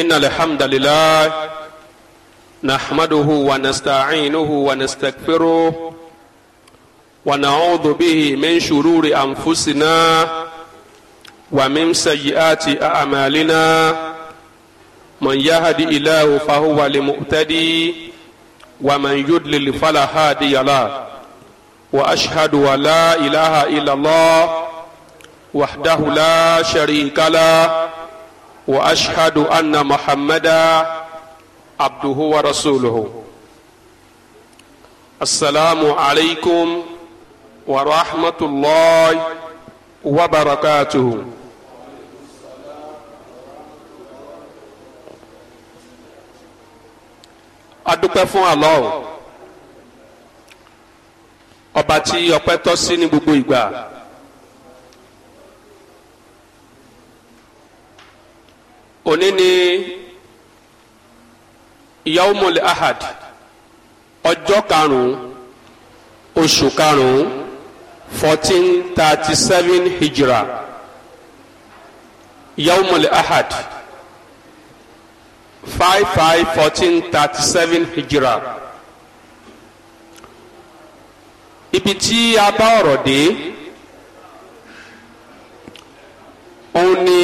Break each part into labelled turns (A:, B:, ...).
A: إن الحمد لله نحمده ونستعينه ونستكبره ونعوذ به من شرور أنفسنا ومن سيئات أعمالنا من يهد إله فهو لمؤتدي ومن يدلل فلا هادي له وأشهد أن لا إله إلا الله وحده لا شريك له واشهد ان محمدا عبده ورسوله السلام عليكم ورحمه الله وبركاته adúpẹ́ fún Allah ọba tí ọpẹ́ tọ́ sí ní gbogbo ìgbà. òní ni yaumul ahad ọjọ́ karùn-ún oṣù karùn-ún fourteen thirty seven hijra yaumul ahad five five fourteen thirty seven hijra ibi tí a bá ọ̀rọ̀ dé òun ni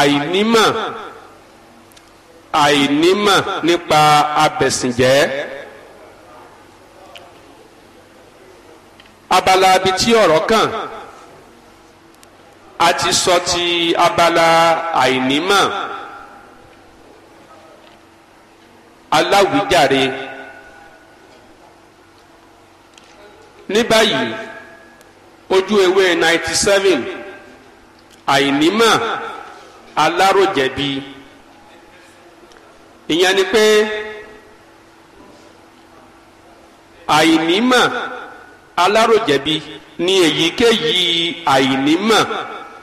A: àìnímọ̀ àìnímọ̀ nípa abẹ̀sìnjẹ́ abala abi tí ọ̀rọ̀ kàn a ti sọ ti abala àìnímọ̀ aláwíjàre ní báyìí ojú ewé ninety seven àìnímọ̀ aláròjẹ̀bi ìyẹn ni pé àìnímọ̀ aláròjẹ̀bi ni èyíkéyìí àìnímọ̀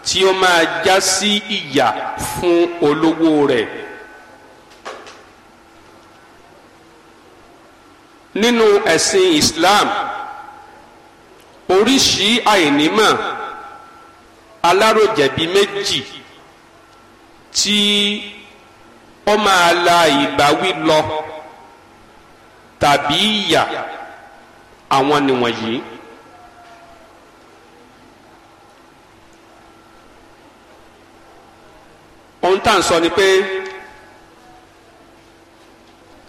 A: tí ó máa já sí ìyà fún olówó rẹ̀. nínú ẹ̀sìn Islam oríṣìí àìnímọ̀ aláròjẹ̀bi méjì tí ó máa la ìbáwí lọ tàbí ìyà àwọn nìwọ̀nyí. ohun tá à ń sọ ni pé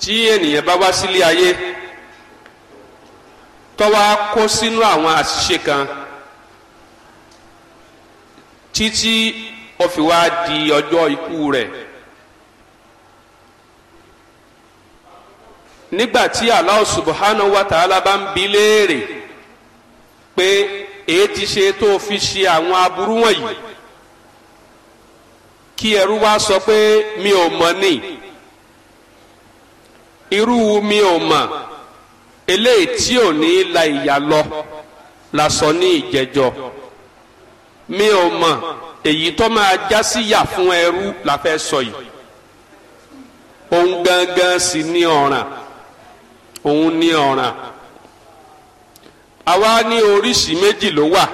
A: tí ènìyàn bá wá sílé ayé tó wá kó sínú àwọn àṣìṣe kan títí ó fi wá di ọjọ́ ikú rẹ̀ nígbà tí Allah subhanahu wa ta'ala bá ń bi léèrè pé èé ti ṣe tó fi ṣe àwọn aburú wọ̀nyí kí ẹrú wá sọ pé mi ò mọ̀ ni irú mi ò mọ̀ eléyìí tí ò ní la ìyà lọ la sọ ní ìjẹjọ mi ò mọ̀ èyí tó máa já sí yà fún ẹrú la fẹ́ sọ yìí òun gangan sì ní ọ̀ràn òun ní ọ̀ràn àwa ní oríṣìí méjì ló wà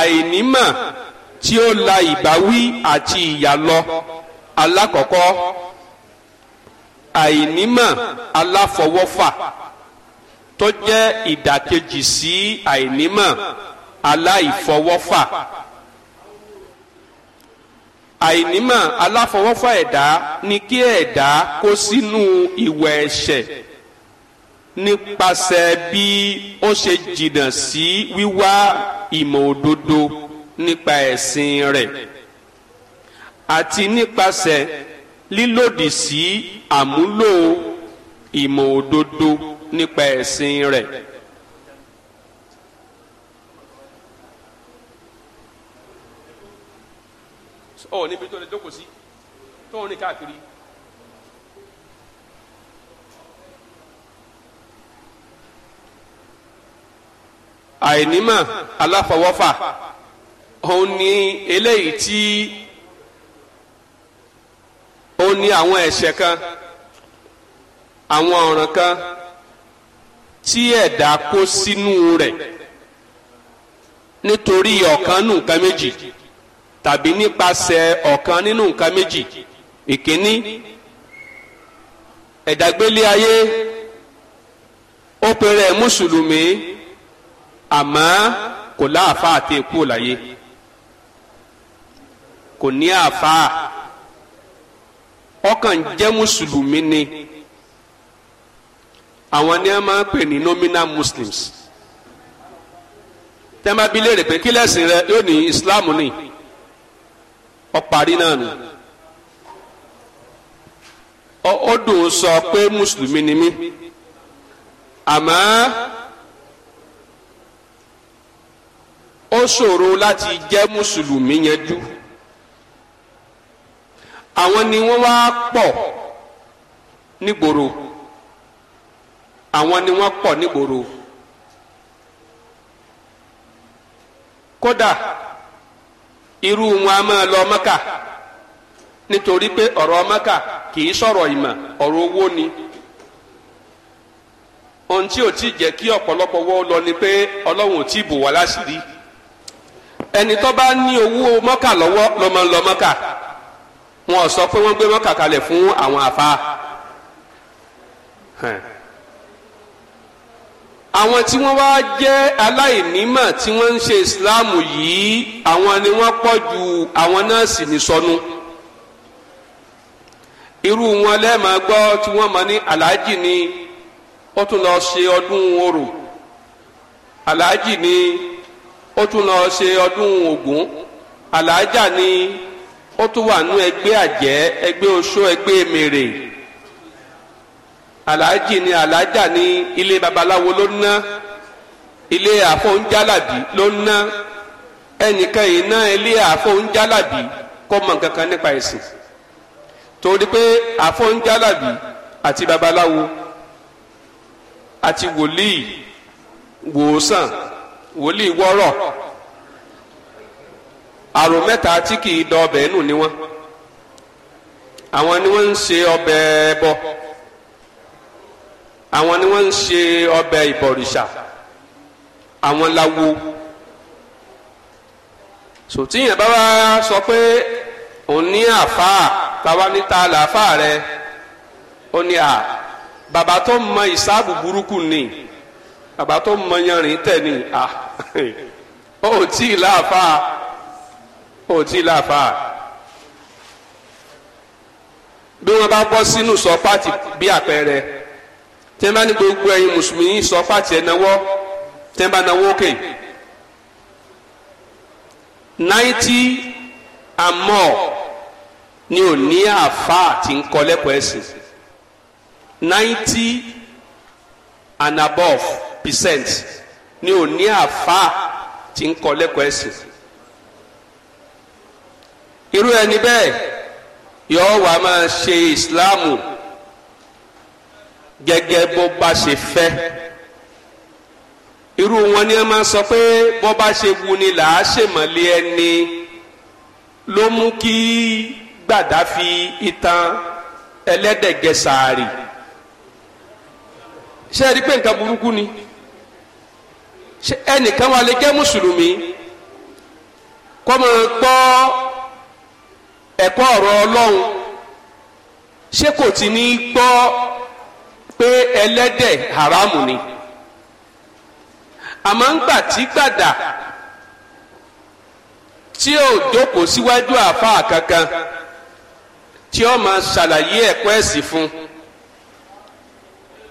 A: àìnímọ̀ tí ó la ìbáwí àti ìyà lọ alákọ̀ọ́kọ́ àìnímọ̀ aláfọwọ́fà tó jẹ́ ìdàkejì sí àìnímọ̀ aláìfọwọ́fà àìnímọ̀ aláfọwọ́fà ẹ̀dá ni kí ẹ̀dá kó sínú ìwẹ̀ ẹ̀ṣẹ̀ nípasẹ̀ bí ó ṣe jìnnà sí wíwá ìmọ̀ òdodo nípa ẹ̀sìn rẹ̀ àti nípasẹ̀ lílòdì sí àmúlò ìmọ̀ òdodo nípa ẹ̀sìn rẹ̀. ọ níbi tó lè jókòó sí tó ń rìn káàkiri. àìnímọ̀ aláfọwọ́fà òun ni eléyìí tí òun ni àwọn ẹ̀ṣẹ̀ kan àwọn ọ̀ràn kan tí ẹ̀dá kó sínú rẹ̀ nítorí ọ̀kan nù nǹkan méjì tàbí nípasẹ̀ ọ̀kan nínú nǹkan méjì ìkíní ẹ̀dàgbélé ayé ó pèrè mùsùlùmí àmọ́ kò láàfáà tí èkú láyé kò ní àfáà ọkàn jẹ́ mùsùlùmí ni àwọn ni a máa ń pè ní nominal muslims tẹ́ńbà bí léèrè pé kí lẹ́sìn rẹ yóò ní islam ni. Islam ọparí náà nù ó dùn sọ pé mùsùlùmí ni mí àmọ́ ó ṣòro láti jẹ́ mùsùlùmí yanjú àwọn ni wọ́n wá pọ̀ nígboro àwọn ni wọ́n pọ̀ nígboro kódà irú wọn a máa lọ mọ́kà nítorí pé ọ̀rọ̀ mọ́kà kì í sọ̀rọ̀ ìmọ̀ ọ̀rọ̀ owó ni ohun tí ò tí jẹ́ kí ọ̀pọ̀lọpọ̀ wọ́ lọ ni pé ọlọ́run ò tí bò wá láṣìírí ẹni tó bá ní owó mọ́kà lọ́wọ́ ló máa lọ mọ́kà wọn ò sọ pé wọ́n gbé mọ́kà kalẹ̀ fún àwọn àfa àwọn tí wọ́n wá jẹ́ aláìnímọ̀ tí wọ́n ń ṣe ìsìláàmù yìí àwọn ni wọ́n pọ̀ ju àwọn náà sì ní sọnù irú wọn lẹ́ẹ̀ma gbọ́ tí wọ́n mọ̀ ní aláàjì ni ó tún lọ ṣe ọdún orò aláàjì ni ó tún lọ ṣe ọdún ògún aláàjà ni ó tún wà nú ẹgbẹ́ àjẹ́ ẹgbẹ́ oṣó ẹgbẹ́ mèrè aláàjì ni aláàjà ni ilé babaláwo ló ná ilé àfọ̀njálàbí ló ná ẹnìkan yìí ná ilé àfọ̀njálàbí kò mọ̀ kankan nípa ẹ̀sìn torí pé àfọ̀njálàbí àti babaláwo àti wòlíì wòósàn wòlíì wọ́rọ̀ àrò mẹ́ta tí kì í dọ ọbẹ̀ nù ni wọ́n àwọn ni wọ́n ń ṣe ọbẹ̀ bọ̀ àwọn ni wọ́n ń ṣe ọbẹ̀ ìbọ̀rìṣà àwọn láwo so tíyẹn bá wá sọ pé òun ní àfáà táwa níta làáfáà rẹ ó ní à bàbá tó mọ ìsáàbù burúkú ni bàbá tó mọ yanrìn tẹ̀ ni à ó tí ì láàfáà ó tí ì láàfáà bí wọ́n bá bọ́ sínú sọ pátì bí àpẹẹrẹ. tẹ́ ní gbogbo ẹ̀yin mùsùlùmí sọ pàtì ẹ̀ náwó tẹ́ náwó òkè náìtì àmọ́ ni ò ní tí ń ẹ̀sìn náìtì and above percent ni ò ní tí ẹ̀sìn irú ẹni bẹ́ẹ̀ yọ̀ọ́ wàá máa ṣe ìsìláàmù. gẹ́gẹ́ bó bá ṣe fẹ́ irú wọn ni ẹ máa sọ pé bó bá ṣe wù ni là á ṣèmọ̀lé ẹni ló mú kí Gbàdáfi ìtàn ẹlẹ́dẹ̀gẹsàárì ṣé ẹ rí pé nǹkan burúkú ni ṣé ẹnìkan wà lè jẹ́ mùsùlùmí kọ́ máa gbọ́ ẹ̀kọ́ ọ̀rọ̀ Ọlọ́run ṣé kò ti ní gbọ́ pé ẹlẹ́dẹ̀ haramu ni àmọ́ ńgbà tí gbàdà tí ó jókòó síwájú àáfàá kankan tí ó máa ṣàlàyé ẹ̀kọ́ ẹ̀sìn fún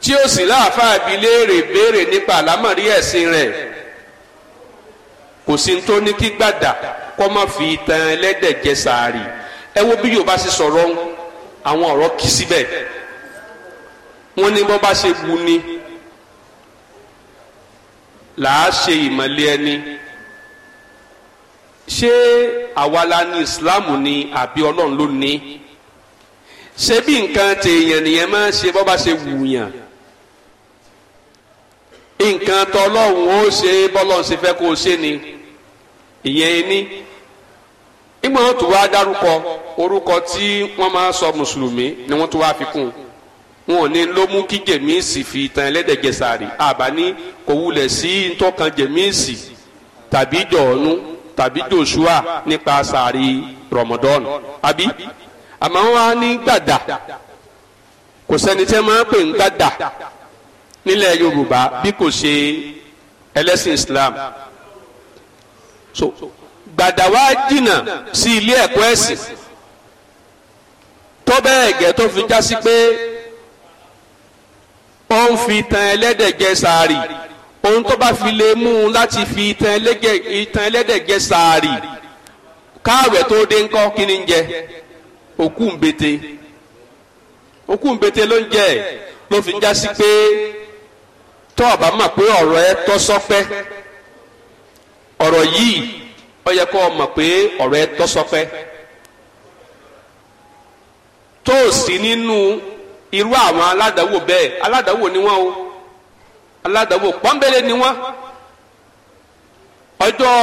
A: tí ó sì láàfáà bi léèrè béèrè nípa àlámọ̀rí ẹ̀sìn rẹ̀ kò sí ní tó ní kí gbàdà kó má fi tan ẹlẹ́dẹ̀ jẹ sàárì ẹ wo bí Yorùbá ṣe sọ̀rọ̀ àwọn ọ̀rọ̀ kì síbẹ̀ wọ́n ní bọ́n bá ṣe wù ni làá ṣe ìmọ̀lé ẹni ṣé àwa la ní ìsìláàmù ni àbí ọlọ́run ló ní ṣé bí nǹkan tèèyàn nìyẹn máa ń ṣe bọ́ bá ṣe wù nǹkan tọlọ́run ó ṣe bọ́lọ́run ṣe fẹ́ kó o ṣe ni ìyẹn ni ìgbọ́n tó wá dárúkọ orúkọ tí wọ́n máa ń sọ mùsùlùmí ni wọ́n tó wá fi kún un wọn ò ní ló mú kí jẹ̀míìsì fi ìtàn ẹlẹ́dẹ̀ jẹ sàárì àbá ní kò wulẹ̀ sí ntọ́kan jẹ̀míìsì tàbí jọ̀ọ́nú tàbí joshua nípa sàárì rọmọdọ́nù àbí àmọ́ wọn á ní gbàdà kò sẹ́ni tẹ́ máa pè ń gbàdà nílẹ̀ yorùbá bí kò ṣe ẹlẹ́sìn islam so gbàdà wa jìnnà sí ilé ẹ̀kọ́ ẹ̀sìn tó bẹ́ẹ̀ tó fi já sí pé. ó ń fi tan ẹlẹ́dẹ̀ jẹ ohun tó bá fi lè mú un láti fi tan ẹlẹ́dẹ̀ jẹ sàárì káàwẹ̀ tó dé ńkọ́ kí ni ń jẹ òkú ń bete òkú ń bete ló ń jẹ ló fi ń já sí pé tó o bá mọ̀ pé ọ̀rọ̀ ẹ tọ́ sọ́pẹ́ ọ̀rọ̀ yìí ó yẹ kó o mọ̀ pé ọ̀rọ̀ ẹ tọ́ sọ́pẹ́ tó o sì nínú irú àwọn aládàáwò bẹ́ẹ̀ aládàáwò ni wọ́n o aládàáwò pọ́nbélé ni wọ́n ọjọ́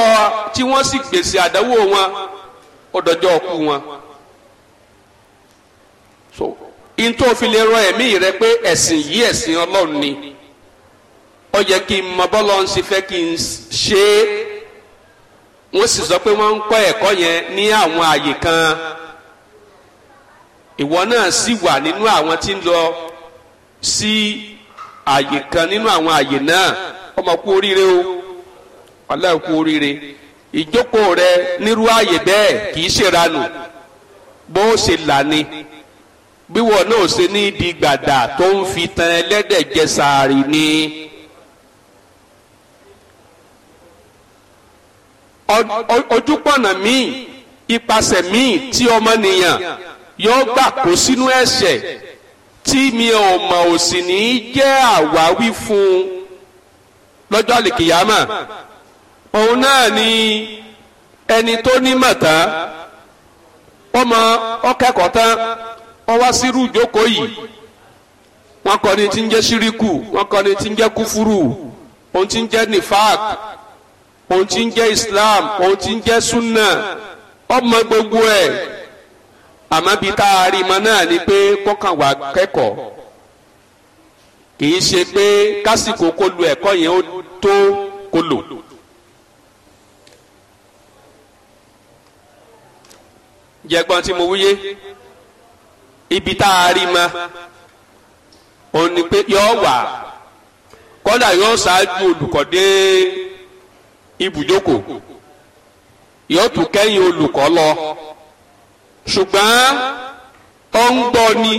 A: tí wọ́n sì gbèsè àdáwò wọn ọdọjọ́ ọkú wọn so ntọ́ fi lè rọ ẹ̀mí rẹ pé ẹ̀sìn yìí ẹ̀sìn ọlọ́run ni ó yẹ kí n mọ bọ́lọ́ ń ṣe fẹ́ kí n ṣe é wọ́n sì sọ pé wọ́n ń kọ́ ẹ̀kọ́ yẹn ní àwọn àyè kan. ìwọ náà sì wà nínú àwọn tí ń lọ sí àyè kan nínú àwọn àyè náà ọmọ kú oríire o aláì kú oríire ìjókòó rẹ nírú àyè bẹ́ẹ̀ kì ṣèranù bó ṣe là ni bí wọn náà ṣe ní di gbàdà tó ń fi tan ẹlẹ́dẹ̀ jẹ sàárì ni. ojúpọ̀nà míì ipasẹ̀ míì tí ọmọnìyàn yóò gbà kó sínú ẹ̀ṣẹ̀ tí mi ò mọ̀ ò sì ní í jẹ́ àwáwí fún un lọ́jọ́ àlìkìyàmà òun náà ni ẹni tó ní mọ̀tá ọmọ ọkẹ́kọ̀ọ́ tán wọ́n wá sírú ìjókòó yìí wọn kọ ni ti ń jẹ́ síríkù wọ́n kọ́ ni ti ń jẹ́ kúfúrú òun tí ń jẹ́ nifak òun ń islam òun ti ń jẹ́ sunna ọmọ gbogbo ẹ̀. àmọ́ bí tá a rí mọ náà ni pé kọ́kàn wà kẹ́kọ̀ọ́ kì í ṣe pé kásìkò kó lu ẹ̀kọ́ yẹn ó tó kó lò. jẹgbọn tí mo wúyé ibi tá a rí mọ òun ni pé yọ wà kọ́dà yóò ṣáájú olùkọ́ dé ibùjókòó yóò tún kẹ́yìn olùkọ́ lọ. ṣùgbọ́n ó ń gbọ́ ni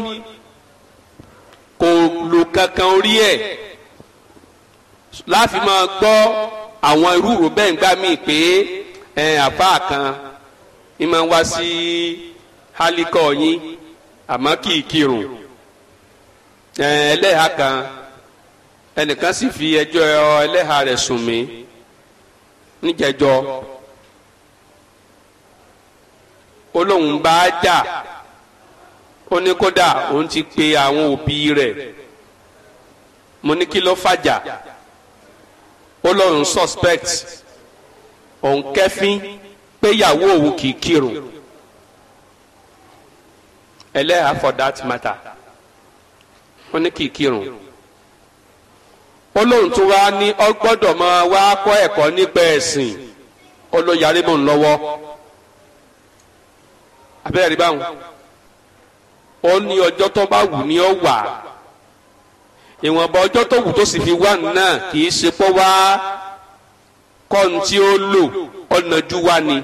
A: kò lò kankan orí ẹ̀ láfi máa gbọ́ àwọn irúurú bẹ́ẹ̀ ń gbá mi pé àfa kan ni máa wá sí hálíkọ̀ yín àmọ́ kì í kírun ẹlẹ́hà kan ẹnìkan sì fi ẹjọ́ ẹlẹ́hà rẹ̀ sùn mí níjẹ̀jọ́. olohun baa bá a jà ó ní kódà òun ti pe àwọn òbí mo ní kí ló fàjà ó lóun suspect òun kẹ́fín òun kì í kírun ẹlẹ́yà for that matter wọ́n ní kì í kírun ó lóun tó wá ní ó máa wá kọ́ ẹ̀kọ́ ẹ̀sìn ó ló yarí mọ́ ń abẹ́rẹ́ rí báwọn ó ní ọjọ́ tó bá wù ní ọ wà ìwọ̀nba ọjọ́ tó wù tó sì fi wà náà kì í ṣe pọ́ wá kọ́n tí ó lò ọ̀nàjú wá ni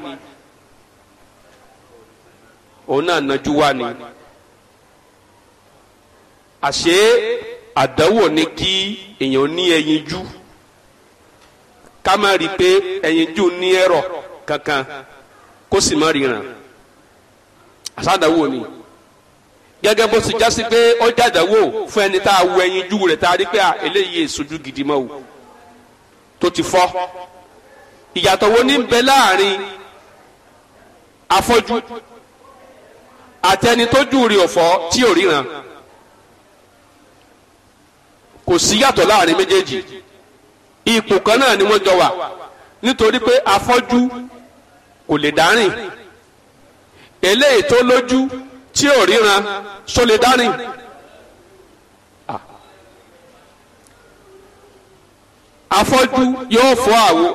A: òun náà nàjú wá ni àṣé àdánwò ni kí èèyàn ní ẹyinjú ká má rí i pé ẹyinjú ní ẹ̀rọ kankan kó sì má ríran àsádàwò ni gẹ́gẹ́ bó ti jásí pé ó jàdàwò fún ẹni tá a wo ẹyin jú rẹ̀ tá a rí pé eléyìí èsojú gidi mọ́ o tó ti fọ́ ìyàtọ̀ wo ní bẹ láàrin afọ́jú àtẹni tó jù rí ọ̀fọ́ tí ò ríran kò sí yàtọ̀ láàrin méjèèjì ipò kan náà ni wọ́n jọ wà nítorí pé afọ́jú kò lè dárìn eléyìí tó lójú tí ò ríran solidari ah. afọ́jú yóò fọ́ àwo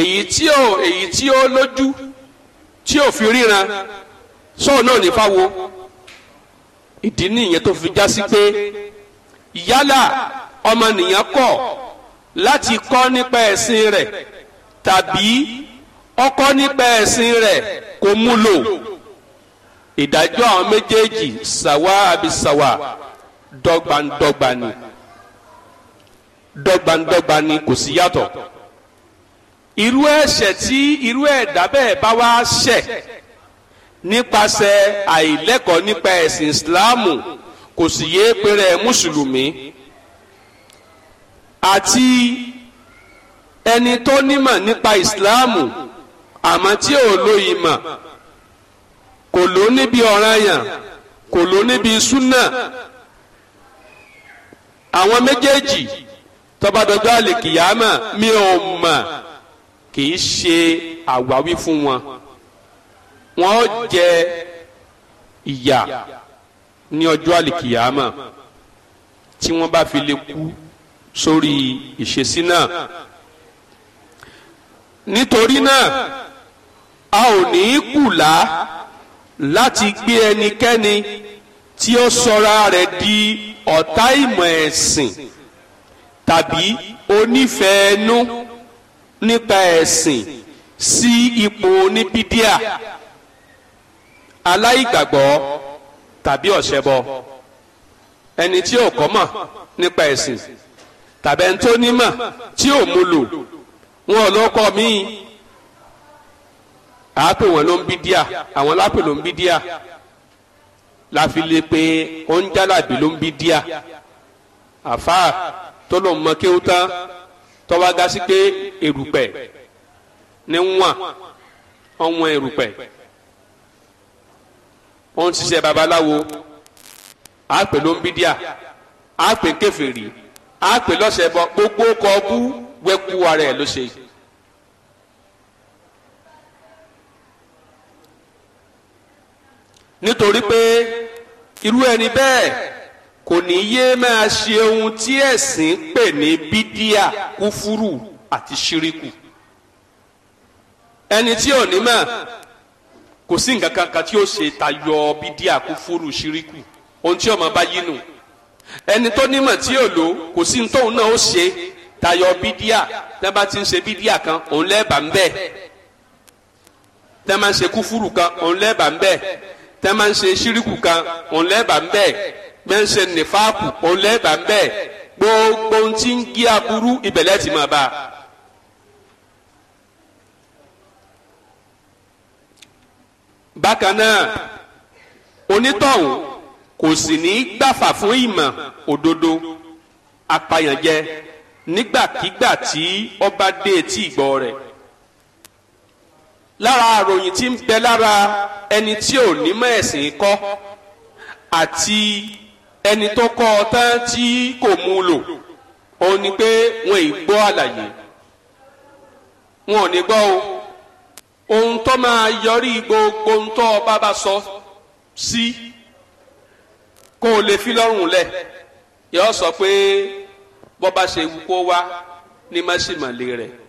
A: èyí tí ò èyí tí ó lójú tí ò fi ríran sọ́ọ̀ náà ní fáwo ìdí nìyẹn tó fi já sí pé yálà ọmọnìyàn kọ̀ láti kọ́ nípa ẹ̀sìn rẹ̀ tàbí ọkọ́ nípa ẹ̀sìn rẹ̀ tó múlò ìdájọ́ àwọn méjèèjì sàwá àbí sàwá dọ́gbandọ́gba ni dọ́gbandọ́gba ni kò sí yàtọ̀ irú ẹ̀ṣẹ̀ tí irú ẹ̀dá bẹ́ẹ̀ bá wá ṣẹ̀ nípasẹ̀ àìlẹ́kọ̀ọ́ nípa ẹ̀sìn ìsìláàmù kò sì yéé péré mùsùlùmí àti ẹni tó nímọ̀ nípa ìsìláàmù àmọ́ tí ò lo ìmọ̀ kò ló níbi ọ̀ranyàn kò ló níbi súnà àwọn méjèèjì tọba dọdọ àlèkìyàmà mi ò mọ̀ kì í ṣe àwáwí fún wọn wọn jẹ ìyà ní ọjọ́ àlìkìyàmà tí wọ́n bá fi lè kú sórí ìṣesí náà nítorí náà a ò ní í kùlá láti gbé ẹnikẹ́ni tí ó sọra rẹ̀ di ọ̀tá ìmọ̀ ẹ̀sìn tàbí onífẹ̀ẹ́nú nípa ẹ̀sìn sí ipò oníbídíà aláìgbàgbọ́ tàbí ọ̀ṣẹbọ ẹni tí ò kọ́mọ̀ nípa ẹ̀sìn tàbí tí ò mú lò wọn ò lọ́kọ̀ míì àápè wọn ló ń bí díà àwọn lápè ló ń bí díà láfi lè pé ó ń jálàbí ló ń bí díà àfa tó ló ń mọ kéwú tán tọ́wá ga sí pé èrùpẹ̀ ní wọ́n ọ̀wọ́n èrùpẹ̀ ó ń ṣiṣẹ́ babaláwo àápè ló ń bí díà àápè kèfèrí àápè lọ́sẹ̀ bọ́ gbogbo kọ́ bú wẹ́kú ara ẹ̀ ló yìí. nítorí pé irú ẹni bẹ́ẹ̀ kò ní yé máa ṣe ohun tí ẹ̀sìn pè ní bídíà kúfúrú àti ṣíríkù ẹni tí ò ní mọ̀ kò sí nǹkan kankan tí ó ṣe tayọ bídíà kúfúrú ṣíríkù ohun tí ọmọ bá yí nù ẹni tó nímọ̀ tí ò lò kò sí ní tóun náà ó ṣe tayọ bídíà tẹ́ bá ti ń ṣe bídíà kan òun lẹ́ẹ̀bà ń bẹ̀ tẹ́ máa ń ṣe kúfúrú kan òun lẹ́ẹ̀bà ń bẹ̀ tẹ́ máa ń ṣe ṣíríkù kan òun lẹ́bàá ń bẹ̀ bẹ́ẹ̀ ń ṣe nìfàkù òun lẹ́bàá ń bẹ̀ gbogbo ohun tí ń gé aburú ìbẹ̀lẹ̀ ti máa bá a. bákan náà onítọ̀hún kò sì ní gbàfà fún ìmọ̀ òdodo apayànjẹ nígbàkigbà tí ọba dé etí ìgbọ́ rẹ̀ lára àròyìn tí ń bẹ lára ẹni tí ò ní mọ̀ ẹ̀sìn kọ́ àti ẹni tó kọ́ ọ tán tí kò mú un lò òun ni pé wọn ì gbọ́ àlàyé wọn ò ní gbọ́ o ohun tó máa yọrí gbogbo ohun tó ọba bá sọ sí kó o lè fi lọ́rùn lẹ̀ yọ sọ pé bọ́ ṣe wú kó wá ní mọ́símọ́lé rẹ̀.